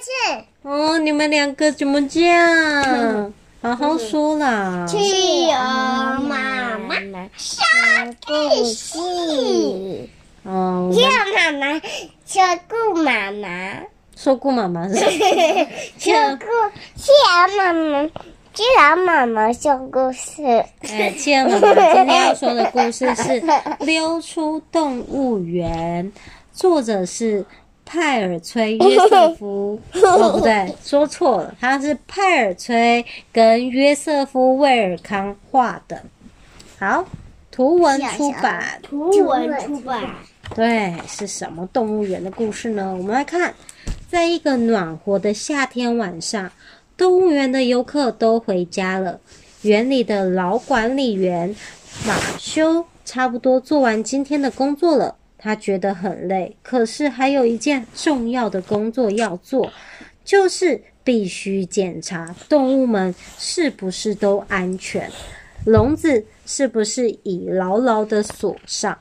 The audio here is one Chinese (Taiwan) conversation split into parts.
是哦，你們兩個怎麼這樣？嗯、好好說啦！太陽、嗯、媽媽講故事。哦，太陽媽媽說故媽媽，說故媽媽是？太陽，太陽媽媽，太陽媽媽講故事。哎，今天要說的故事是《溜出動物園》，作者是。派爾崔約瑟夫 哦，不對，說錯了，他是派爾崔跟約瑟夫威爾康畫的。好，圖文出版，下下圖文出版，對，是什麼動物園的故事呢？我們來看，在一個暖和的夏天晚上，動物園的遊客都回家了，園裡的老管理員馬修差不多做完今天的工作了。他覺得很累，可是還有一件重要的工作要做，就是必須檢查動物們是不是都安全，籠子是不是已牢牢的鎖上。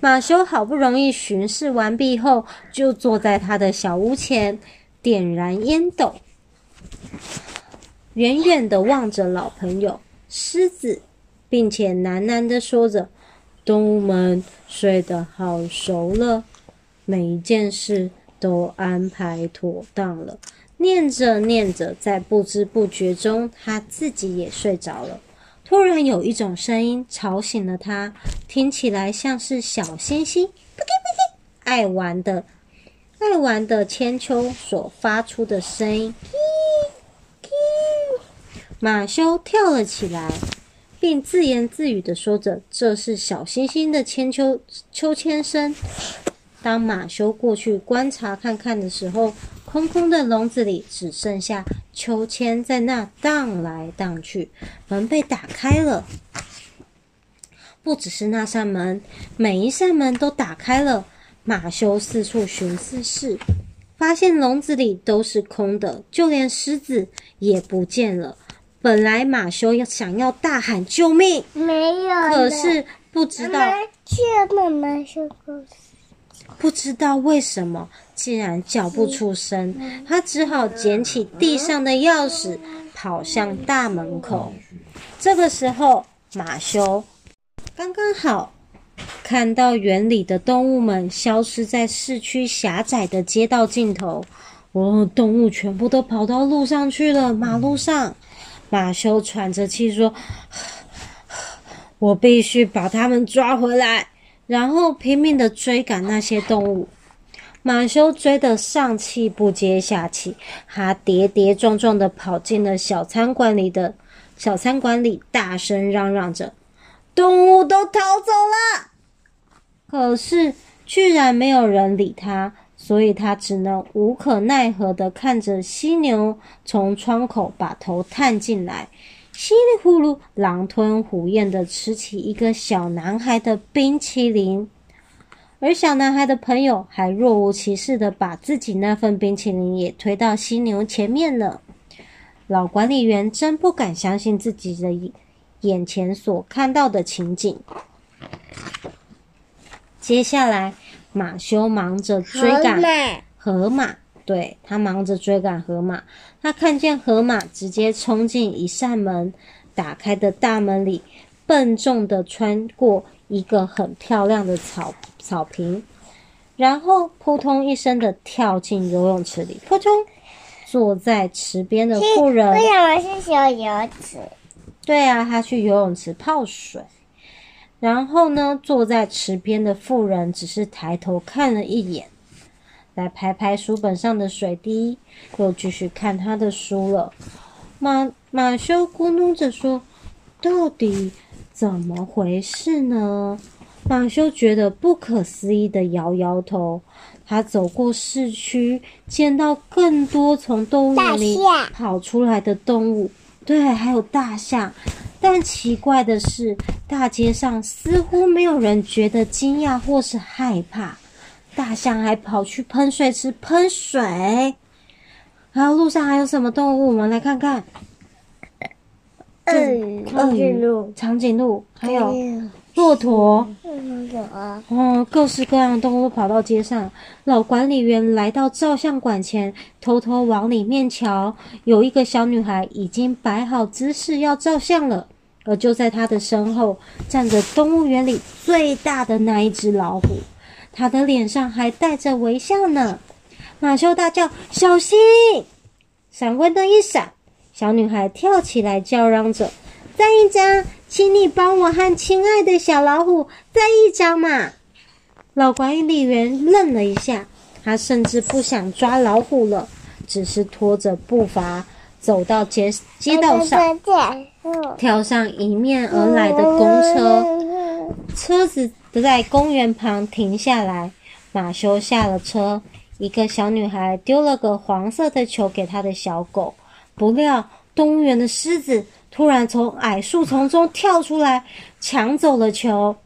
馬修好不容易巡視完畢後，就坐在他的小屋前，點燃煙斗，遠遠地望着老朋友獅子，並且喃喃地說着。動物們睡得好熟了，每一件事都安排妥當了。念着念着，在不知不覺中，他自己也睡着了。突然，有一種聲音吵醒了他，聽起來像是小猩猩“撲哧撲哧”，愛玩的、愛玩的鞦韆所發出的聲音。馬修跳了起來。並自言自語地說着：“這是小星星的千秋秋千聲。”當馬修過去觀察看看的時候，空空的籠子裡只剩下秋千在那蕩來蕩去。門被打開了，不只是那扇門，每一扇門都打開了。馬修四處巡視，發現籠子裡都是空的，就連獅子也不見了。本來馬修要想要大喊救命，沒有，可是不知道，媽媽媽媽，不知道為什麼竟然叫不出聲，他只好撿起地上的鑰匙，嗯，跑向大門口。這個時候，馬修剛剛好看到園裡的動物們消失在市區狹窄的街道盡頭。哦，動物全部都跑到路上去了，馬路上。馬修喘着氣說：“我必須把他們抓回來，然後拼命地追趕那些動物。”馬修追得上氣不接下氣，他跌跌撞撞地跑進了小餐館裡的小餐館裡，大聲嚷嚷着：“動物都逃走了！”可是，居然沒有人理他。所以他只能無可奈何地看着犀牛從窗口把頭探進來，稀里呼嚕狼吞虎嚥地吃起一個小男孩的冰淇淋，而小男孩的朋友還若無其事地把自己那份冰淇淋也推到犀牛前面呢。老管理員真不敢相信自己的眼前所看到的情景。接下來。馬修忙着追趕河馬，美對他忙着追趕河馬。他看見河馬直接衝進一扇門打開的大門裡，笨重的穿過一個很漂亮的草草坪，然後撲通一聲的跳進游泳池裡，撲通。坐在池邊的婦人為什麼是小游泳池？對啊，他去游泳池泡水。然後呢，坐在池邊的婦人只是抬頭看了一眼，來拍拍書本上的水滴，又繼續看他的書了。馬馬修咕哝着說：“到底怎麼回事呢？”馬修覺得不可思議的搖搖頭。他走過市區，見到更多從動物園裡跑出來的動物，對，還有大象。但奇怪的是，大街上似乎沒有人覺得驚訝或是害怕，大象還跑去噴水池噴水。還有路上還有什麼動物？我們來看看：長頸鹿、長頸鹿、還有駱有是駝。駱駝。哦，各式各樣的動物跑到街上。老管理員來到照相館前，偷偷往裡面瞧，有一個小女孩已經擺好姿勢要照相了。而就在他的身後站着動物園裡最大的那一隻老虎，他的臉上還帶着微笑呢。馬修大叫：“小心！”閃光燈一閃，小女孩跳起來叫嚷着：“再一張，請你幫我和親愛的小老虎再一張嘛！”老管理員愣了一下，他甚至不想抓老虎了，只是拖着步伐走到街街道上。跳上迎面而來的公車，車子在公園旁停下來。馬修下了車，一個小女孩丟了個黃色的球給她的小狗。不料，動物園的獅子突然從矮樹叢中跳出來，搶走了球。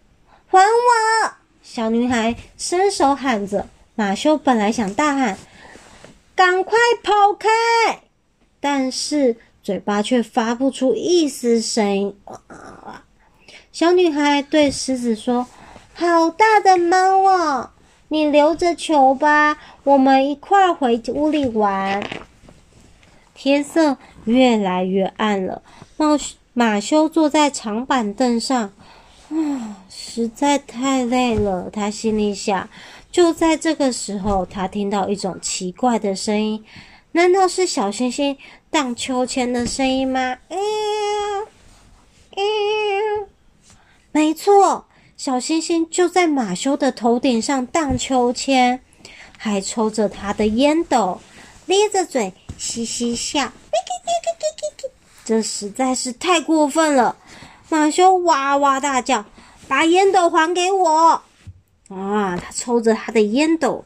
還我！小女孩伸手喊着。馬修本來想大喊：“趕快跑開！”但是，嘴巴卻發不出一絲聲音。小女孩對獅子說：“好大的貓啊，哦！你留着球吧，我們一塊回屋裡玩。”天色越來越暗了，馬修坐在長板凳上，啊，實在太累了。他心裡想，就在這個時候，他聽到一種奇怪的聲音。難道是小星星盪秋千的聲音嗎？嗯，嗯，沒錯，小星星就在馬修的頭頂上盪秋千，還抽着他的菸斗，咧着嘴嘻嘻笑，這實在是太過分了！馬修哇哇大叫：“把菸斗還給我！”啊，他抽着他的菸斗，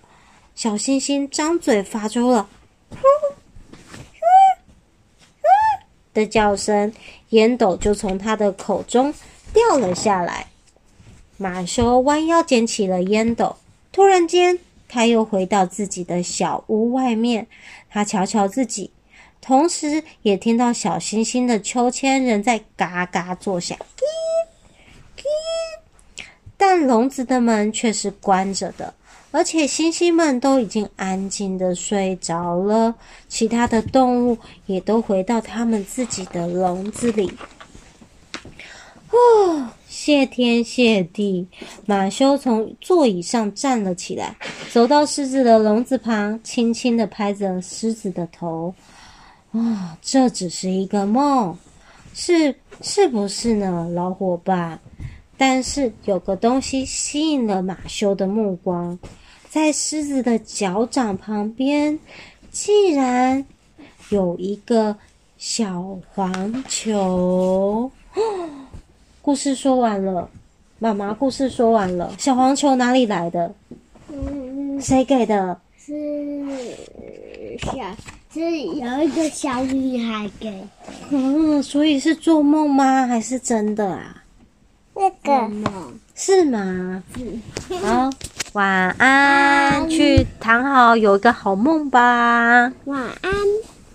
小星星張嘴發出了。哼哼哼的叫聲，煙斗就從他的口中掉了下來。馬修彎腰撿起了煙斗，突然間，他又回到自己的小屋外面。他瞧瞧自己，同時也聽到小星星的秋千仍在嘎嘎作響。叮叮，但籠子的門卻是關着的。而且星星們都已經安靜的睡着了，其他的動物也都回到他們自己的籠子裡。哦，謝天謝地！馬修從座椅上站了起來，走到獅子的籠子旁，輕輕的拍着獅子的頭。啊，這只是一個夢，是，是不是呢，老夥伴？但是有個東西吸引了馬修的目光。在獅子的腳掌旁邊，竟然有一個小黃球。故事說完了，媽媽，故事說完了。小黃球哪裡來的？嗯，誰給的？是小，是有一個小女孩給。嗯，所以是做夢嗎？還是真的啊？那個夢是嗎？是。好。晚安，去躺好，有一個好夢吧。晚安。晚安。